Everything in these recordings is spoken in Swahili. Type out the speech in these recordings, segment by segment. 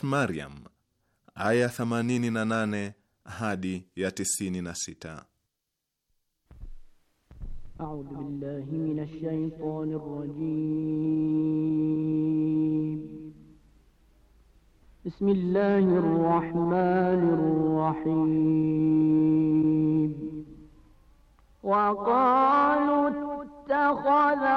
Surat Maryam aya 88 hadi ya 96. Bismillahir rahmanir rahim. Wa qalu ittakhadha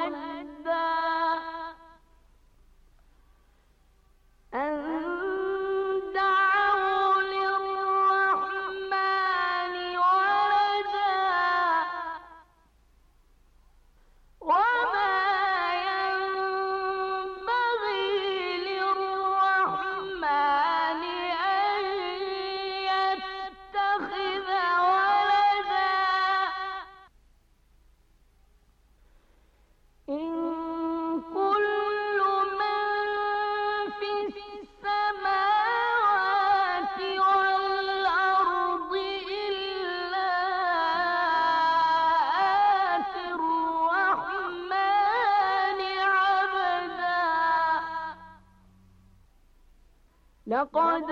لقد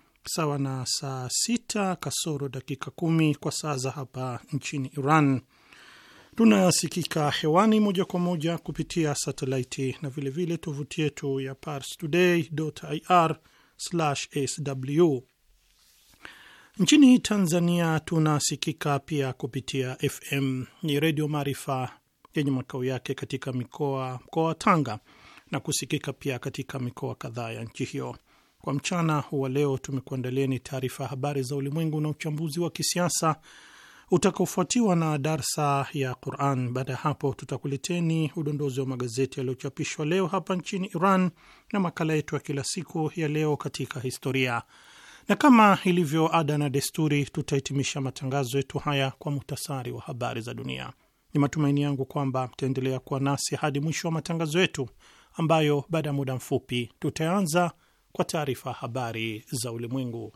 sawa na saa sita kasoro dakika kumi kwa saa za hapa nchini Iran. Tunasikika hewani moja kwa moja kupitia satelaiti na vilevile tovuti yetu ya parstoday.ir/sw. Nchini Tanzania tunasikika pia kupitia FM ni Redio Maarifa yenye makao yake katika mikoa mkoa wa Tanga na kusikika pia katika mikoa kadhaa ya nchi hiyo. Kwa mchana wa leo tumekuandalieni taarifa ya habari za ulimwengu na uchambuzi wa kisiasa utakaofuatiwa na darsa ya Quran. Baada ya hapo, tutakuleteni udondozi wa magazeti yaliyochapishwa leo hapa nchini Iran na makala yetu ya kila siku ya leo katika historia, na kama ilivyo ada na desturi, tutahitimisha matangazo yetu haya kwa muhtasari wa habari za dunia. Ni matumaini yangu kwamba mtaendelea kuwa nasi hadi mwisho wa matangazo yetu ambayo baada ya muda mfupi tutaanza kwa taarifa habari za ulimwengu.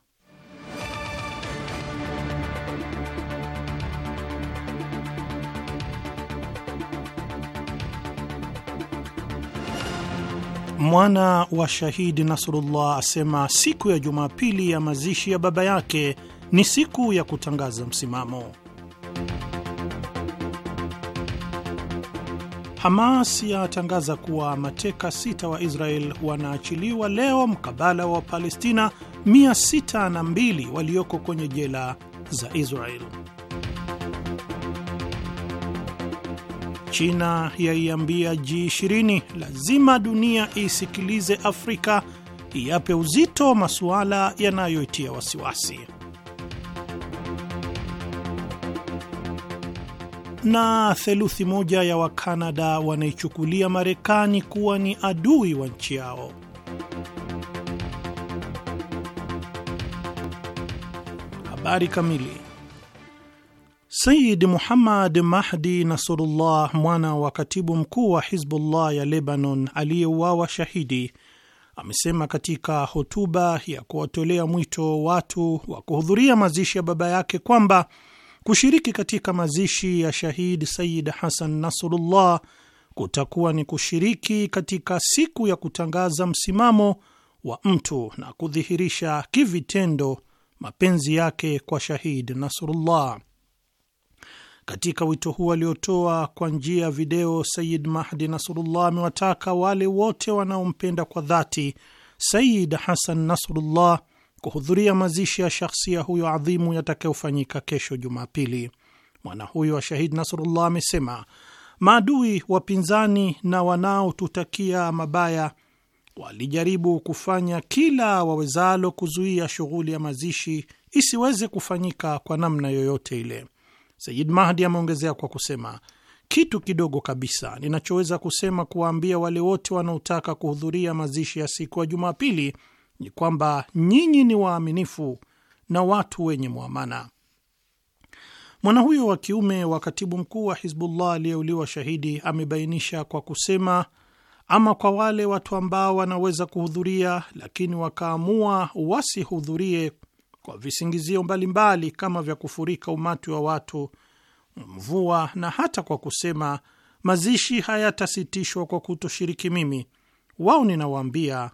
mwana wa shahidi Nasrullah asema siku ya Jumapili ya mazishi ya baba yake ni siku ya kutangaza msimamo. Hamas yatangaza kuwa mateka sita wa Israel wanaachiliwa leo mkabala wa Palestina 602 walioko kwenye jela za Israel. China yaiambia G20 lazima dunia isikilize Afrika, iyape uzito masuala yanayoitia wasiwasi. Na theluthi moja ya Wakanada wanaichukulia Marekani kuwa ni adui wa nchi yao. Habari kamili Sayid Muhammad Mahdi Nasrullah, mwana wa katibu mkuu wa Hizbullah ya Lebanon aliyeuawa shahidi, amesema katika hotuba ya kuwatolea mwito watu wa kuhudhuria mazishi ya baba yake kwamba kushiriki katika mazishi ya shahid Sayid Hasan Nasrullah kutakuwa ni kushiriki katika siku ya kutangaza msimamo wa mtu na kudhihirisha kivitendo mapenzi yake kwa shahid Nasrullah. Katika wito huu aliotoa kwa njia ya video, Sayid Mahdi Nasrullah amewataka wale wote wanaompenda kwa dhati Sayid Hasan Nasrullah kuhudhuria mazishi ya shakhsia huyo adhimu yatakayofanyika kesho Jumapili. Mwana huyo wa Shahid Nasrullah amesema maadui, wapinzani na wanaotutakia mabaya walijaribu kufanya kila wawezalo kuzuia shughuli ya mazishi isiweze kufanyika kwa namna yoyote ile. Sayid Mahdi ameongezea kwa kusema, kitu kidogo kabisa ninachoweza kusema kuwaambia wale wote wanaotaka kuhudhuria mazishi ya siku ya Jumapili ni kwamba nyinyi ni waaminifu na watu wenye mwamana. Mwana huyo wa kiume wa katibu mkuu wa Hizbullah aliyeuliwa shahidi amebainisha kwa kusema, ama kwa wale watu ambao wanaweza kuhudhuria lakini wakaamua wasihudhurie kwa visingizio mbalimbali kama vya kufurika umati wa watu, mvua na hata kwa kusema mazishi hayatasitishwa kwa kutoshiriki mimi, wao ninawaambia,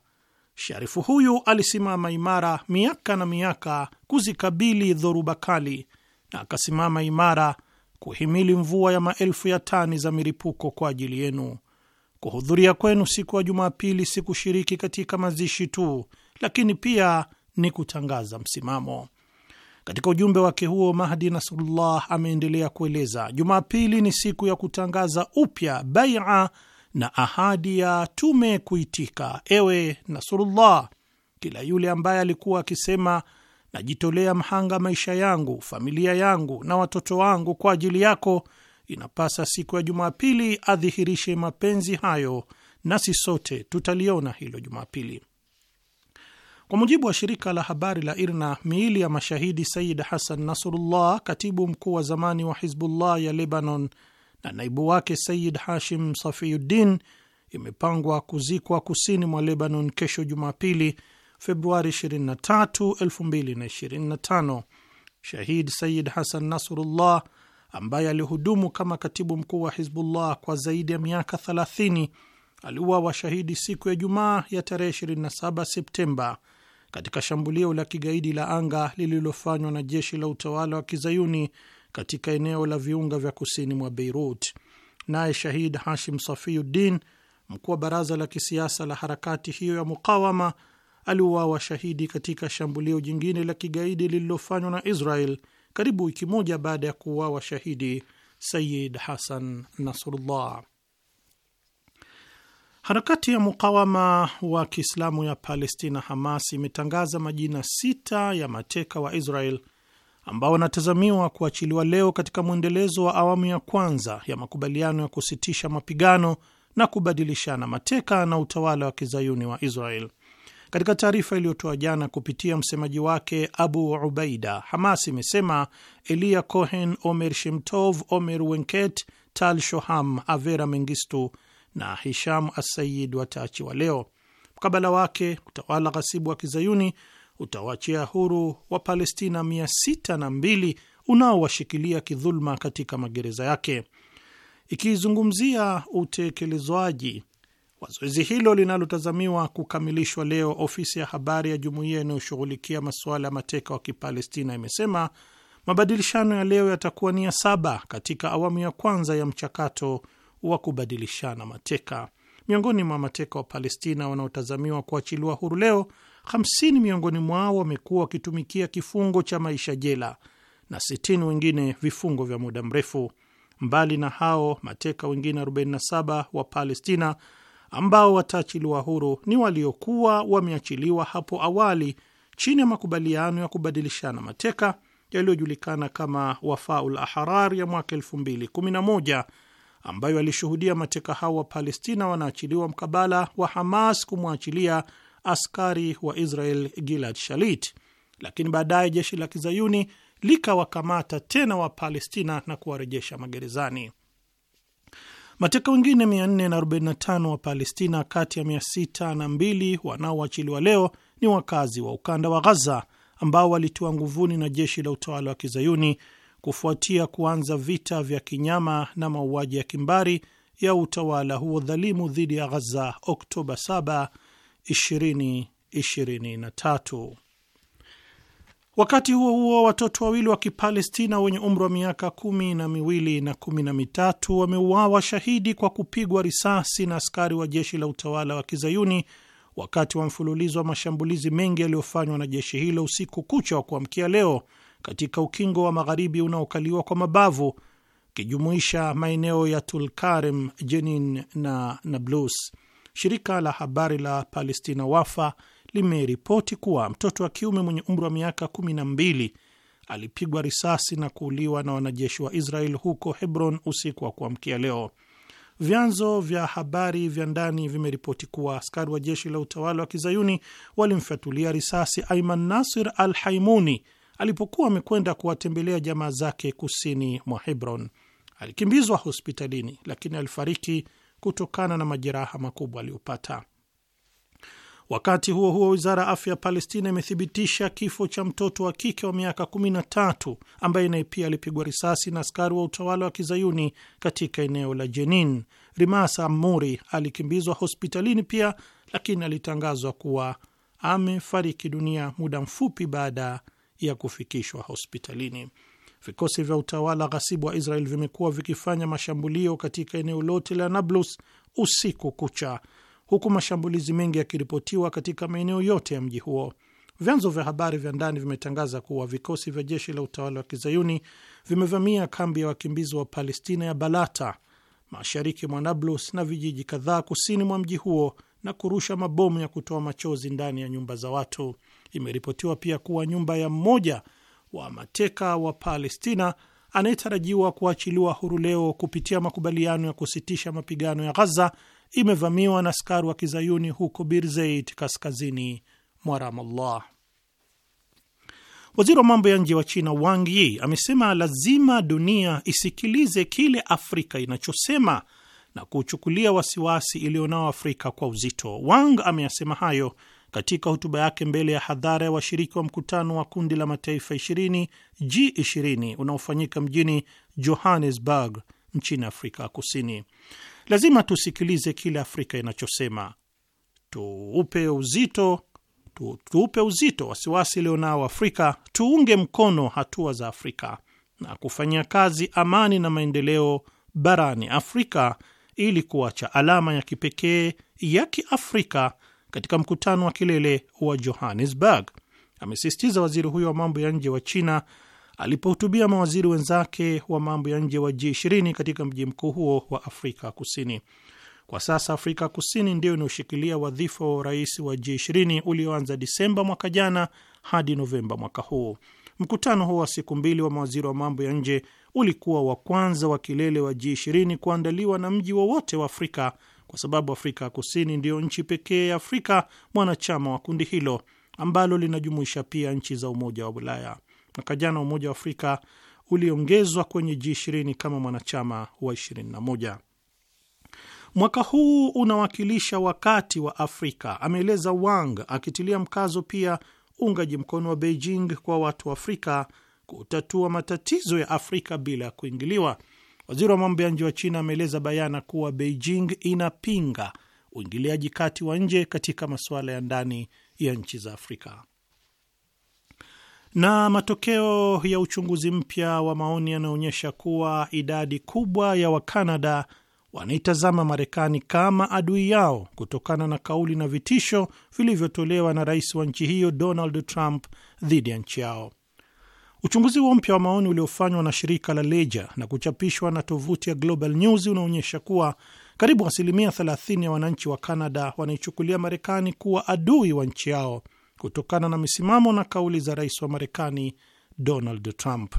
sharifu huyu alisimama imara miaka na miaka kuzikabili dhoruba kali, na akasimama imara kuhimili mvua ya maelfu ya tani za milipuko kwa ajili yenu. Kuhudhuria kwenu siku ya Jumapili sikushiriki katika mazishi tu, lakini pia ni kutangaza msimamo. Katika ujumbe wake huo, Mahdi Nasrullah ameendelea kueleza, Jumapili ni siku ya kutangaza upya baia na ahadi ya tume kuitika. Ewe Nasrullah, kila yule ambaye alikuwa akisema najitolea mhanga maisha yangu, familia yangu na watoto wangu kwa ajili yako, inapasa siku ya Jumapili adhihirishe mapenzi hayo, nasi sote tutaliona hilo Jumapili. Kwa mujibu wa shirika la habari la IRNA, miili ya mashahidi Sayid hasan Nasrullah, katibu mkuu wa zamani wa Hizbullah ya Lebanon, na naibu wake sayid Hashim Safiuddin imepangwa kuzikwa kusini mwa Lebanon kesho Jumapili, Februari 23, 2025. Shahid sayid hasan Nasrullah ambaye alihudumu kama katibu mkuu wa Hizbullah kwa zaidi ya miaka 30 aliuawa shahidi siku ya Jumaa ya tarehe 27 Septemba katika shambulio la kigaidi la anga lililofanywa na jeshi la utawala wa kizayuni katika eneo la viunga vya kusini mwa Beirut. Naye Shahid Hashim Safiuddin, mkuu wa baraza la kisiasa la harakati hiyo ya mukawama, aliuawa shahidi katika shambulio jingine la kigaidi lililofanywa na Israel karibu wiki moja baada ya kuuawa shahidi Sayid Hasan Nasrullah. Harakati ya mukawama wa Kiislamu ya Palestina, Hamas, imetangaza majina sita ya mateka wa Israel ambao wanatazamiwa kuachiliwa leo katika mwendelezo wa awamu ya kwanza ya makubaliano ya kusitisha mapigano na kubadilishana mateka na utawala wa kizayuni wa Israel. Katika taarifa iliyotoa jana kupitia msemaji wake Abu Ubaida, Hamas imesema Eliya Cohen, Omer Shemtov, Omer Wenket, Tal Shoham, Avera Mengistu na Hisham Assayid wataachiwa leo. Mkabala wake utawala ghasibu wa kizayuni utawachia huru wa Palestina 62 unaowashikilia kidhuluma katika magereza yake. Ikizungumzia utekelezwaji wa zoezi hilo linalotazamiwa kukamilishwa leo, ofisi ya habari ya jumuiya inayoshughulikia masuala ya mateka wa Kipalestina imesema mabadilishano ya leo yatakuwa ni ya saba katika awamu ya kwanza ya mchakato wa kubadilishana mateka. Miongoni mwa mateka wa Palestina wanaotazamiwa kuachiliwa huru leo, 50 miongoni mwao wamekuwa wakitumikia kifungo cha maisha jela na 60 wengine vifungo vya muda mrefu. Mbali na hao, mateka wengine 47 wa Palestina ambao wataachiliwa huru ni waliokuwa wameachiliwa hapo awali chini ya makubaliano ya kubadilishana mateka yaliyojulikana kama Wafaul Ahrar ya mwaka 2011 ambayo alishuhudia mateka hao wa Palestina wanaachiliwa mkabala wa Hamas kumwachilia askari wa Israel Gilad Shalit, lakini baadaye jeshi la kizayuni likawakamata tena Wapalestina na kuwarejesha magerezani. Mateka wengine 445 wa Palestina kati ya 602 wanaoachiliwa leo ni wakazi wa ukanda wa Ghaza ambao walitiwa nguvuni na jeshi la utawala wa kizayuni kufuatia kuanza vita vya kinyama na mauaji ya kimbari ya utawala huo dhalimu dhidi ya Ghaza Oktoba 7, 2023. Wakati huo huo, watoto wawili wa Kipalestina wenye umri wa miaka kumi na miwili na kumi na mitatu wameuawa shahidi kwa kupigwa risasi na askari wa jeshi la utawala wa kizayuni wakati wa mfululizo wa mashambulizi mengi yaliyofanywa na jeshi hilo usiku kucha wa kuamkia leo katika ukingo wa magharibi unaokaliwa kwa mabavu ikijumuisha maeneo ya Tulkarem, Jenin na Nablus. Shirika la habari la Palestina Wafa limeripoti kuwa mtoto wa kiume mwenye umri wa miaka mbili alipigwa risasi na kuuliwa na wanajeshi wa Israel huko Hebron usiku wa kuamkia leo. Vyanzo vya habari vya ndani vimeripoti kuwa askari wa jeshi la utawala wa kizayuni walimfyatulia risasi Aiman Nasir al Haimuni, alipokuwa amekwenda kuwatembelea jamaa zake kusini mwa Hebron. Alikimbizwa hospitalini, lakini alifariki kutokana na majeraha makubwa aliyopata. Wakati huo huo, wizara ya afya ya Palestina imethibitisha kifo cha mtoto wa kike wa miaka 13 ambaye naye pia alipigwa risasi na askari wa utawala wa kizayuni katika eneo la Jenin. Rimas Amuri alikimbizwa hospitalini pia, lakini alitangazwa kuwa amefariki dunia muda mfupi baada ya kufikishwa hospitalini. Vikosi vya utawala ghasibu wa Israel vimekuwa vikifanya mashambulio katika eneo lote la Nablus usiku kucha, huku mashambulizi mengi yakiripotiwa katika maeneo yote ya mji huo. Vyanzo vya habari vya ndani vimetangaza kuwa vikosi vya jeshi la utawala wa kizayuni vimevamia kambi ya wakimbizi wa Palestina ya Balata mashariki mwa Nablus na vijiji kadhaa kusini mwa mji huo na kurusha mabomu ya kutoa machozi ndani ya nyumba za watu. Imeripotiwa pia kuwa nyumba ya mmoja wa mateka wa Palestina anayetarajiwa kuachiliwa huru leo kupitia makubaliano ya kusitisha mapigano ya Ghaza imevamiwa na askari wa kizayuni huko Birzeit, kaskazini mwa Ramallah. Waziri wa mambo ya nje wa China Wang Yi amesema lazima dunia isikilize kile Afrika inachosema na kuchukulia wasiwasi iliyonao Afrika kwa uzito. Wang ameyasema hayo katika hotuba yake mbele ya hadhara ya washiriki wa mkutano wa kundi la mataifa 20 G20 unaofanyika mjini Johannesburg nchini Afrika Kusini, lazima tusikilize kile Afrika inachosema, tuupe uzito tu, tuupe uzito wasiwasi ilionao Afrika, tuunge mkono hatua za Afrika na kufanyia kazi amani na maendeleo barani Afrika ili kuacha alama ya kipekee ya kiafrika katika mkutano wa kilele wa Johannesburg, amesisitiza waziri huyo wa mambo ya nje wa China alipohutubia mawaziri wenzake wa mambo ya nje wa G20 katika mji mkuu huo wa Afrika Kusini. Kwa sasa Afrika Kusini ndiyo inayoshikilia wadhifa wa urais wa G20 ulioanza Disemba mwaka jana hadi Novemba mwaka huu. Mkutano huo wa siku mbili wa mawaziri wa mambo ya nje ulikuwa wa kwanza wa kilele wa G20 kuandaliwa na mji wowote wa, wa Afrika kwa sababu Afrika ya Kusini ndiyo nchi pekee ya Afrika mwanachama wa kundi hilo ambalo linajumuisha pia nchi za Umoja wa Ulaya. Mwaka jana Umoja wa Afrika uliongezwa kwenye G20 kama mwanachama wa 21. Mwaka huu unawakilisha wakati wa Afrika, ameeleza Wang, akitilia mkazo pia uungaji mkono wa Beijing kwa watu wa Afrika kutatua matatizo ya Afrika bila ya kuingiliwa. Waziri wa mambo ya nje wa China ameeleza bayana kuwa Beijing inapinga uingiliaji kati wa nje katika masuala ya ndani ya nchi za Afrika. Na matokeo ya uchunguzi mpya wa maoni yanaonyesha kuwa idadi kubwa ya Wakanada wanaitazama Marekani kama adui yao kutokana na kauli na vitisho vilivyotolewa na rais wa nchi hiyo Donald Trump dhidi ya nchi yao. Uchunguzi huo mpya wa maoni uliofanywa na shirika la Leja na kuchapishwa na tovuti ya Global News unaonyesha kuwa karibu asilimia 30 ya wananchi wa canada wanaichukulia Marekani kuwa adui wa nchi yao kutokana na misimamo na kauli za rais wa Marekani Donald Trump.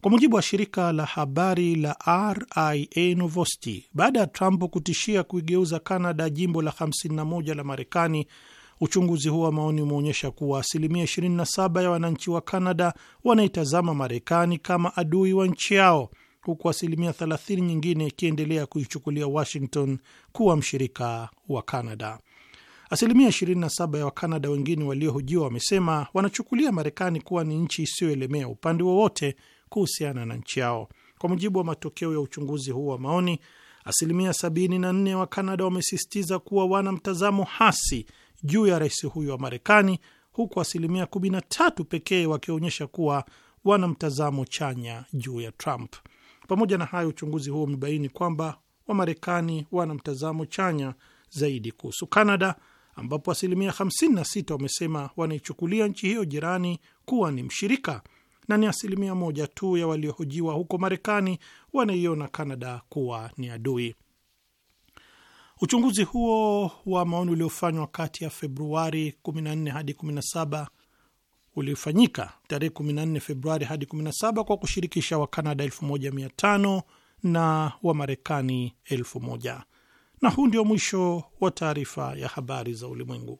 Kwa mujibu wa shirika la habari la RIA Novosti, baada ya Trump kutishia kuigeuza canada jimbo la 51 la Marekani Uchunguzi huu wa maoni umeonyesha kuwa asilimia 27 ya wananchi wa Kanada wanaitazama Marekani kama adui wa nchi yao, huku asilimia 30 nyingine ikiendelea kuichukulia Washington kuwa mshirika wa Kanada. Asilimia 27 ya Wakanada wengine waliohojiwa wamesema wanachukulia Marekani kuwa ni nchi isiyoelemea upande wowote kuhusiana na nchi yao. Kwa mujibu wa matokeo ya uchunguzi huu wa maoni, asilimia 74 ya Wakanada wamesisitiza kuwa wana mtazamo hasi juu ya rais huyo wa Marekani, huku asilimia 13 pekee wakionyesha kuwa wana mtazamo chanya juu ya Trump. Pamoja na hayo, uchunguzi huo umebaini kwamba Wamarekani wana mtazamo chanya zaidi kuhusu Kanada, ambapo asilimia 56 wamesema wanaichukulia nchi hiyo jirani kuwa ni mshirika na ni asilimia moja tu ya waliohojiwa huko Marekani wanaiona Kanada kuwa ni adui. Uchunguzi huo wa maoni uliofanywa kati ya Februari 14 hadi 17 ulifanyika tarehe 14 Februari hadi 17 kwa kushirikisha Wakanada 1500 na Wamarekani 1000. Na huu ndio mwisho wa taarifa ya habari za ulimwengu.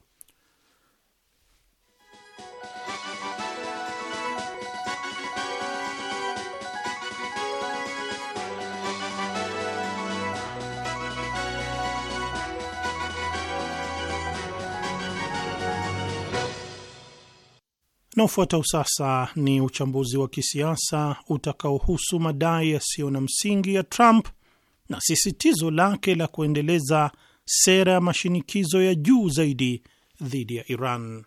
Na ufuatao sasa ni uchambuzi wa kisiasa utakaohusu madai yasiyo na msingi ya Trump na sisitizo lake la kuendeleza sera ya mashinikizo ya juu zaidi dhidi ya Iran.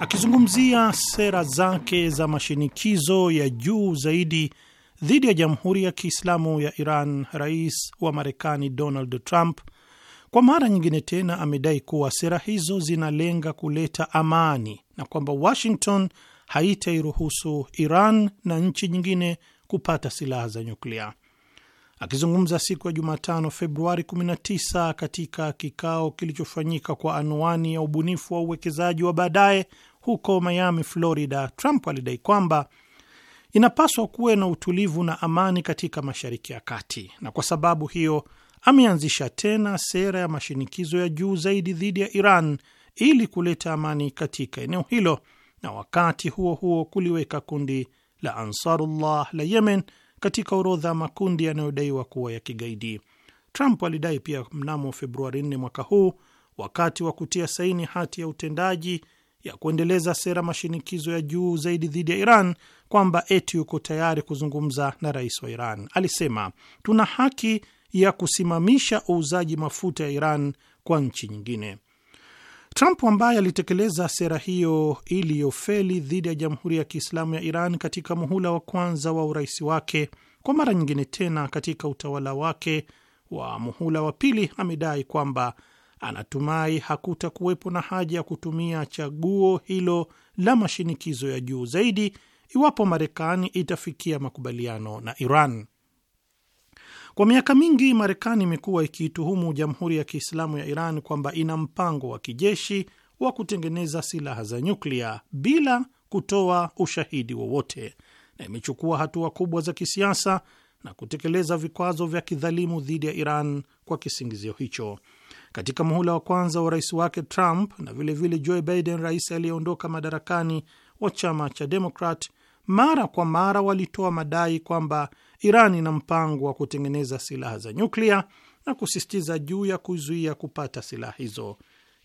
Akizungumzia sera zake za mashinikizo ya juu zaidi dhidi ya Jamhuri ya Kiislamu ya Iran, rais wa Marekani Donald Trump kwa mara nyingine tena amedai kuwa sera hizo zinalenga kuleta amani na kwamba Washington haitairuhusu Iran na nchi nyingine kupata silaha za nyuklia. Akizungumza siku ya Jumatano, Februari 19 katika kikao kilichofanyika kwa anwani ya ubunifu wa uwekezaji wa baadaye huko Miami, Florida, Trump alidai kwamba inapaswa kuwe na utulivu na amani katika Mashariki ya Kati, na kwa sababu hiyo ameanzisha tena sera ya mashinikizo ya juu zaidi dhidi ya Iran ili kuleta amani katika eneo hilo, na wakati huo huo kuliweka kundi la Ansarullah la Yemen katika orodha ya makundi yanayodaiwa kuwa ya kigaidi. Trump alidai pia mnamo Februari 4 mwaka huu, wakati wa kutia saini hati ya utendaji ya kuendeleza sera mashinikizo ya juu zaidi dhidi ya Iran kwamba eti yuko tayari kuzungumza na rais wa Iran. Alisema tuna haki ya kusimamisha uuzaji mafuta ya Iran kwa nchi nyingine. Trump ambaye alitekeleza sera hiyo iliyofeli dhidi ya Jamhuri ya Kiislamu ya Iran katika muhula wa kwanza wa urais wake, kwa mara nyingine tena katika utawala wake wa muhula wa pili amedai kwamba anatumai hakutakuwepo na haja ya kutumia chaguo hilo la mashinikizo ya juu zaidi iwapo Marekani itafikia makubaliano na Iran. Kwa miaka mingi Marekani imekuwa ikiituhumu Jamhuri ya Kiislamu ya Iran kwamba ina mpango wa kijeshi wa kutengeneza silaha za nyuklia bila kutoa ushahidi wowote, na imechukua hatua kubwa za kisiasa na kutekeleza vikwazo vya kidhalimu dhidi ya Iran kwa kisingizio hicho katika muhula wa kwanza wa rais wake Trump na vilevile Joe Biden, rais aliyeondoka madarakani wa chama cha Demokrat, mara kwa mara walitoa madai kwamba Iran ina mpango wa kutengeneza silaha za nyuklia na kusisitiza juu ya kuzuia kupata silaha hizo.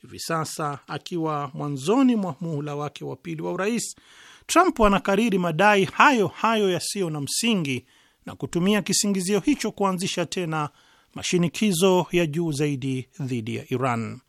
Hivi sasa akiwa mwanzoni mwa muhula wake wa pili wa urais, Trump anakariri madai hayo hayo yasiyo na msingi na kutumia kisingizio hicho kuanzisha tena mashinikizo ya juu zaidi dhidi ya Iran.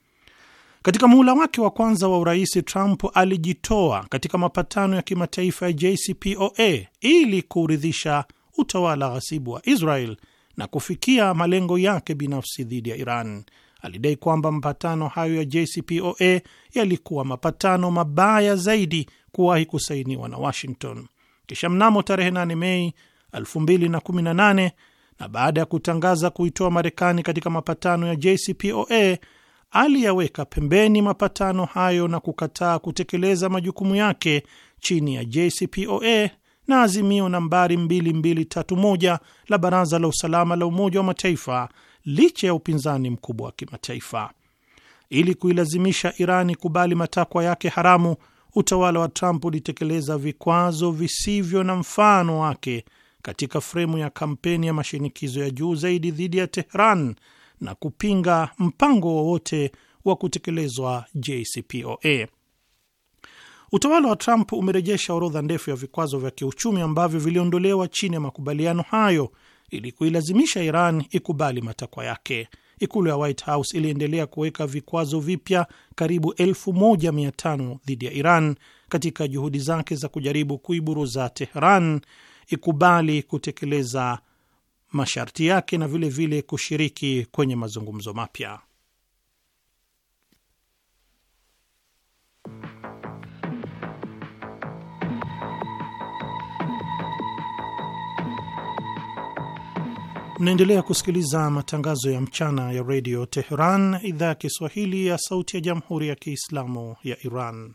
Katika muhula wake wa kwanza wa urais, Trump alijitoa katika mapatano ya kimataifa ya JCPOA ili kuridhisha utawala ghasibu wa Israel na kufikia malengo yake binafsi dhidi ya Iran. Alidai kwamba mapatano hayo ya JCPOA yalikuwa mapatano mabaya zaidi kuwahi kusainiwa na Washington. Kisha mnamo tarehe 8 Mei na baada ya kutangaza kuitoa Marekani katika mapatano ya JCPOA aliyaweka pembeni mapatano hayo na kukataa kutekeleza majukumu yake chini ya JCPOA na azimio nambari 2231 la Baraza la Usalama la Umoja wa Mataifa licha ya upinzani mkubwa wa kimataifa. Ili kuilazimisha Irani kubali matakwa yake haramu, utawala wa Trump ulitekeleza vikwazo visivyo na mfano wake katika fremu ya kampeni ya mashinikizo ya juu zaidi dhidi ya Tehran na kupinga mpango wowote wa kutekelezwa JCPOA. Utawala wa Trump umerejesha orodha ndefu ya vikwazo vya kiuchumi ambavyo viliondolewa chini ya makubaliano hayo ili kuilazimisha Iran ikubali matakwa yake. Ikulu ya White House iliendelea kuweka vikwazo vipya karibu 1500 dhidi ya Iran katika juhudi zake za kujaribu kuiburuza Tehran ikubali kutekeleza masharti yake na vilevile vile kushiriki kwenye mazungumzo mapya. Mnaendelea kusikiliza matangazo ya mchana ya redio Teheran, idhaa ya Kiswahili ya sauti ya jamhuri ya kiislamu ya Iran.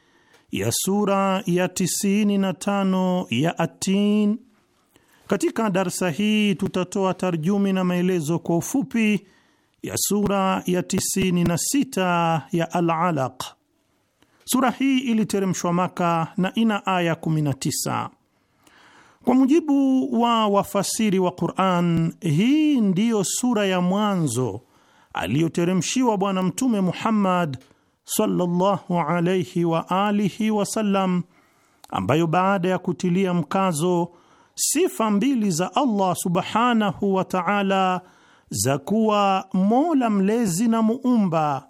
ya sura ya 95 ya Atin. Katika darsa hii tutatoa tarjumi na maelezo kwa ufupi ya sura ya 96 ya Al-Alaq. Sura hii iliteremshwa Maka na ina aya 19. Kwa mujibu wa wafasiri wa Qur'an, hii ndiyo sura ya mwanzo aliyoteremshiwa Bwana Mtume Muhammad sallallahu alayhi wa alihi sallam, ambayo baada ya kutilia mkazo sifa mbili za Allah subhanahu wa ta'ala za kuwa Mola mlezi na muumba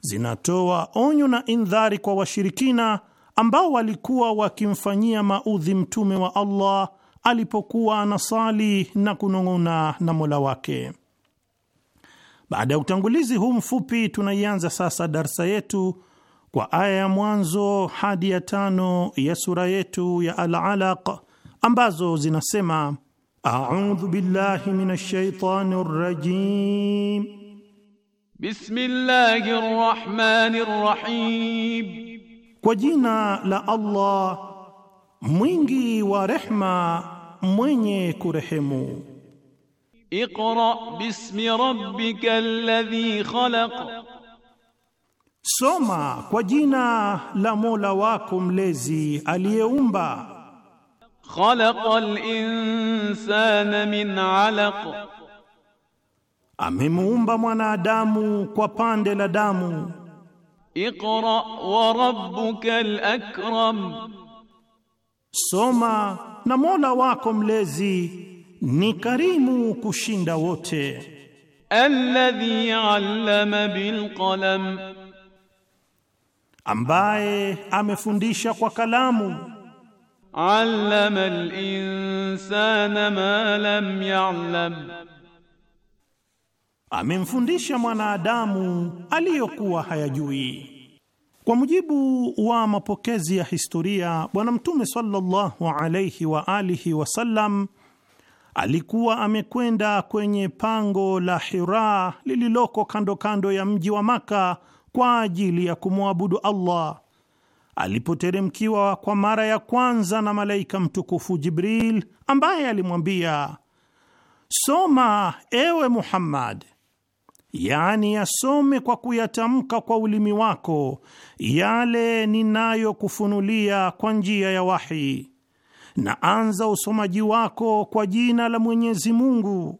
zinatoa onyo na indhari kwa washirikina ambao walikuwa wakimfanyia maudhi mtume wa Allah alipokuwa anasali na kunong'ona na Mola wake. Baada ya utangulizi huu mfupi, tunaianza sasa darsa yetu kwa aya ya mwanzo hadi ya tano ya sura yetu ya Al-Alaq ambazo zinasema: audhu billahi minash shaitani rrajim, bismillahir rahim, kwa jina la Allah mwingi wa rehma mwenye kurehemu. اقرأ bismi rabbika alladhi khalaq, soma kwa jina la Mola wako mlezi aliyeumba. Khalaqal insana min alaq, amemuumba mwanadamu kwa pande la damu. Iqra wa rabbukal akram, soma na Mola wako mlezi ni karimu kushinda wote. Alladhi allama bilqalam, ambaye amefundisha kwa kalamu. Allama al insana ma lam ya'lam, amemfundisha mwanadamu aliyokuwa hayajui. Kwa mujibu wa mapokezi ya historia, Bwana Mtume sallallahu alayhi wa alihi wasallam alikuwa amekwenda kwenye pango la Hira lililoko kando kando ya mji wa Maka kwa ajili ya kumwabudu Allah. Alipoteremkiwa kwa mara ya kwanza na malaika mtukufu Jibril, ambaye alimwambia soma, ewe Muhammad, yaani yasome kwa kuyatamka kwa ulimi wako yale ninayokufunulia kwa njia ya wahi na anza usomaji wako kwa jina la Mwenyezi Mungu,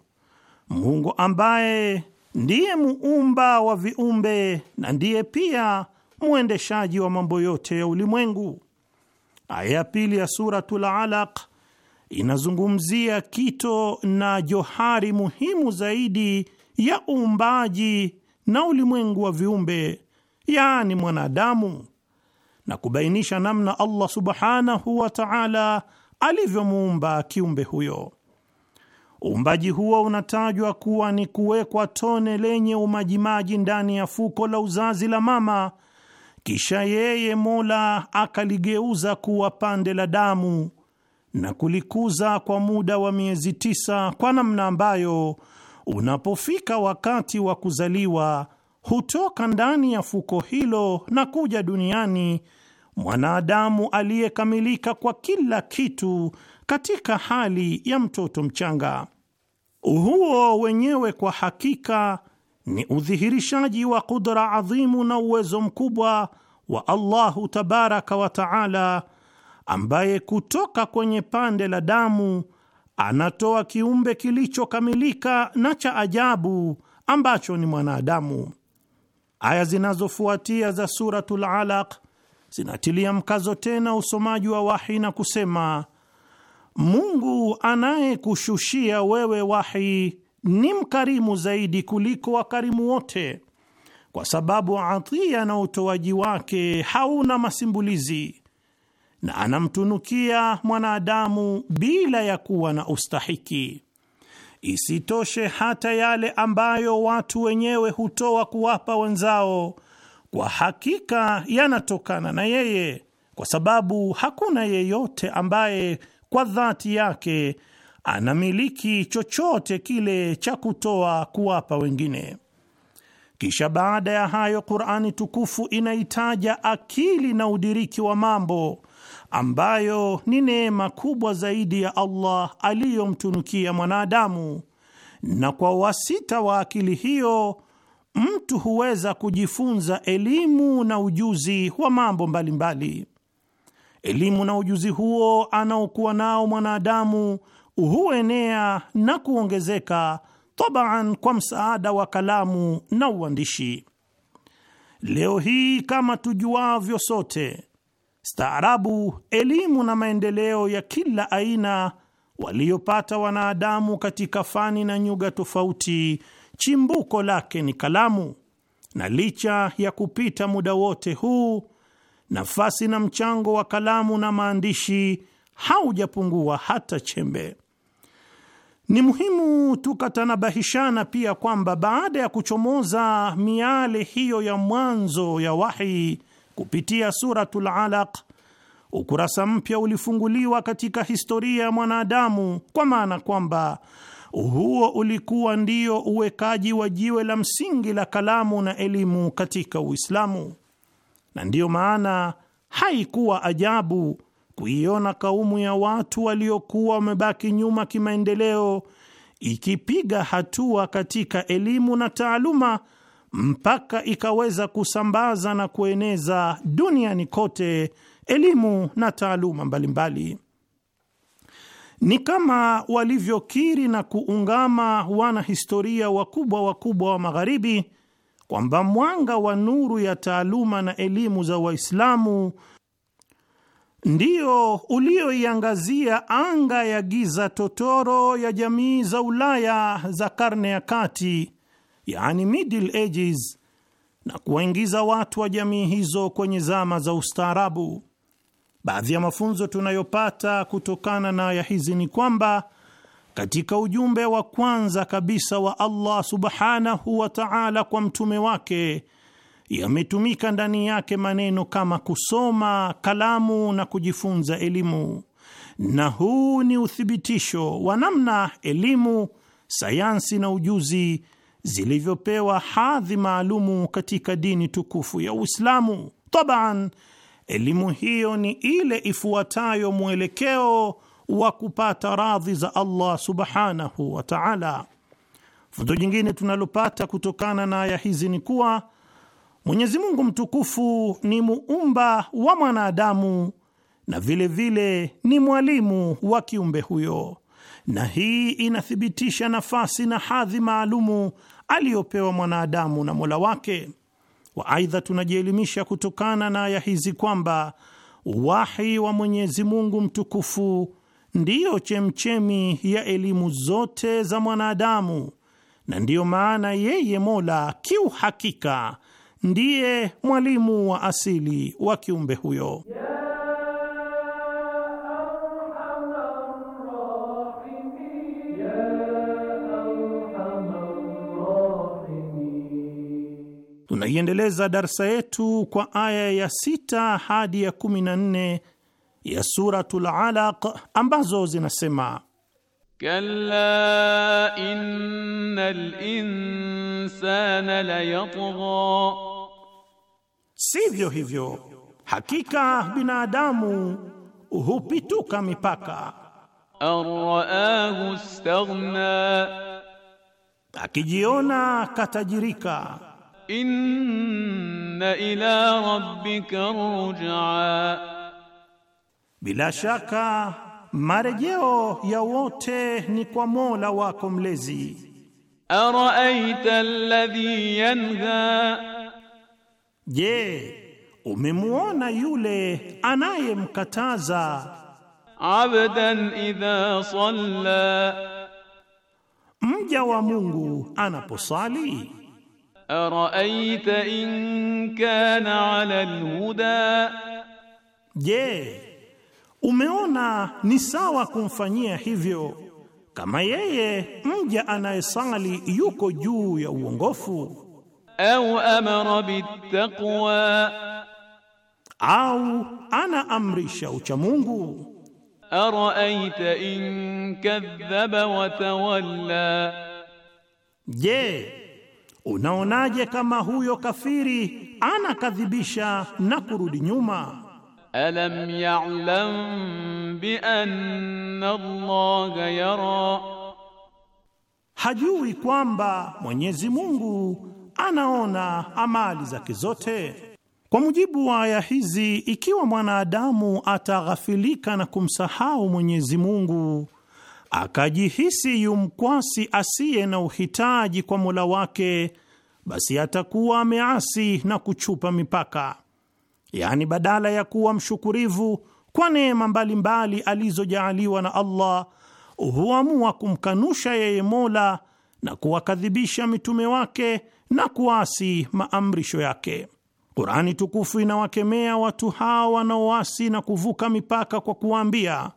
Mungu ambaye ndiye muumba wa viumbe na ndiye pia mwendeshaji wa mambo yote ya ulimwengu. Aya ya pili ya Suratul Alaq inazungumzia kito na johari muhimu zaidi ya uumbaji na ulimwengu wa viumbe, yaani mwanadamu, na kubainisha namna Allah subhanahu wa ta'ala alivyomuumba kiumbe huyo. Uumbaji huo unatajwa kuwa ni kuwekwa tone lenye umajimaji ndani ya fuko la uzazi la mama, kisha yeye Mola akaligeuza kuwa pande la damu na kulikuza kwa muda wa miezi tisa, kwa namna ambayo unapofika wakati wa kuzaliwa hutoka ndani ya fuko hilo na kuja duniani mwanadamu aliyekamilika kwa kila kitu katika hali ya mtoto mchanga. Huo wenyewe kwa hakika ni udhihirishaji wa kudra adhimu na uwezo mkubwa wa Allahu tabaraka wa taala, ambaye kutoka kwenye pande la damu anatoa kiumbe kilichokamilika na cha ajabu ambacho ni mwanadamu. Aya zinazofuatia za Suratul Alaq zinatilia mkazo tena usomaji wa wahi na kusema, Mungu anayekushushia wewe wahi ni mkarimu zaidi kuliko wakarimu wote, kwa sababu atia na utoaji wake hauna masimbulizi na anamtunukia mwanadamu bila ya kuwa na ustahiki. Isitoshe, hata yale ambayo watu wenyewe hutoa kuwapa wenzao kwa hakika yanatokana na yeye, kwa sababu hakuna yeyote ambaye kwa dhati yake anamiliki chochote kile cha kutoa kuwapa wengine. Kisha baada ya hayo, Qur'ani tukufu inaitaja akili na udiriki wa mambo ambayo ni neema kubwa zaidi ya Allah aliyomtunukia mwanadamu, na kwa wasita wa akili hiyo mtu huweza kujifunza elimu na ujuzi wa mambo mbalimbali. Elimu na ujuzi huo anaokuwa nao mwanadamu huenea na kuongezeka tabaan, kwa msaada wa kalamu na uandishi. Leo hii kama tujuavyo sote, staarabu, elimu na maendeleo ya kila aina waliopata wanadamu katika fani na nyuga tofauti chimbuko lake ni kalamu, na licha ya kupita muda wote huu, nafasi na mchango wa kalamu na maandishi haujapungua hata chembe. Ni muhimu tukatanabahishana pia kwamba baada ya kuchomoza miale hiyo ya mwanzo ya wahi kupitia Suratul Alaq, ukurasa mpya ulifunguliwa katika historia ya mwanadamu, kwa maana kwamba huo ulikuwa ndio uwekaji wa jiwe la msingi la kalamu na elimu katika Uislamu, na ndiyo maana haikuwa ajabu kuiona kaumu ya watu waliokuwa wamebaki nyuma kimaendeleo ikipiga hatua katika elimu na taaluma mpaka ikaweza kusambaza na kueneza duniani kote elimu na taaluma mbalimbali mbali. Ni kama walivyokiri na kuungama wanahistoria wakubwa wakubwa wa Magharibi kwamba mwanga wa nuru ya taaluma na elimu za Waislamu ndio ulioiangazia anga ya giza totoro ya jamii za Ulaya za karne ya kati, yani Middle Ages, na kuwaingiza watu wa jamii hizo kwenye zama za ustaarabu. Baadhi ya mafunzo tunayopata kutokana na aya hizi ni kwamba katika ujumbe wa kwanza kabisa wa Allah subhanahu wa ta'ala kwa mtume wake yametumika ndani yake maneno kama kusoma, kalamu na kujifunza elimu, na huu ni uthibitisho wa namna elimu, sayansi na ujuzi zilivyopewa hadhi maalumu katika dini tukufu ya Uislamu. Tabaan, Elimu hiyo ni ile ifuatayo mwelekeo wa kupata radhi za Allah subhanahu wa ta'ala. Funzo jingine tunalopata kutokana na aya hizi ni kuwa Mwenyezi Mungu mtukufu ni muumba wa mwanadamu na vile vile ni mwalimu wa kiumbe huyo, na hii inathibitisha nafasi na hadhi maalumu aliyopewa mwanadamu na Mola wake wa. Aidha, tunajielimisha kutokana na aya hizi kwamba wahi wa Mwenyezi Mungu mtukufu ndiyo chemchemi ya elimu zote za mwanadamu, na ndiyo maana yeye Mola kiuhakika ndiye mwalimu wa asili wa kiumbe huyo, yeah. Tunaiendeleza darsa yetu kwa aya ya sita hadi ya kumi na nne ya Suratul Alaq ambazo zinasema kalla innal insana layatgha, sivyo hivyo, hakika binadamu hupituka mipaka. Araahu staghna, akijiona katajirika inna ila rabbika ruj'a, bila shaka marejeo ya wote ni kwa Mola wako mlezi. Araaita alladhi yanha, je, umemuona yule anayemkataza abdan idha salla, mja wa Mungu anaposali Araita in kana ala alhuda, je, umeona ni sawa kumfanyia hivyo kama yeye mja anayesali yuko juu ya uongofu? Au amara bittaqwa, au anaamrisha uchamungu? Araita in kadhaba wa tawalla, je Unaonaje kama huyo kafiri anakadhibisha na kurudi nyuma? Alam ya'lam bi anna Allah yara, hajui kwamba Mwenyezi Mungu anaona amali zake zote. Kwa mujibu wa aya hizi, ikiwa mwanadamu ataghafilika na kumsahau Mwenyezi Mungu akajihisi yumkwasi asiye na uhitaji kwa Mola wake, basi atakuwa ameasi na kuchupa mipaka, yaani badala ya kuwa mshukurivu kwa neema mbalimbali alizojaaliwa na Allah huamua kumkanusha yeye Mola na kuwakadhibisha mitume wake na kuasi maamrisho yake. Kurani tukufu inawakemea watu hawa wanaoasi na kuvuka mipaka kwa kuwaambia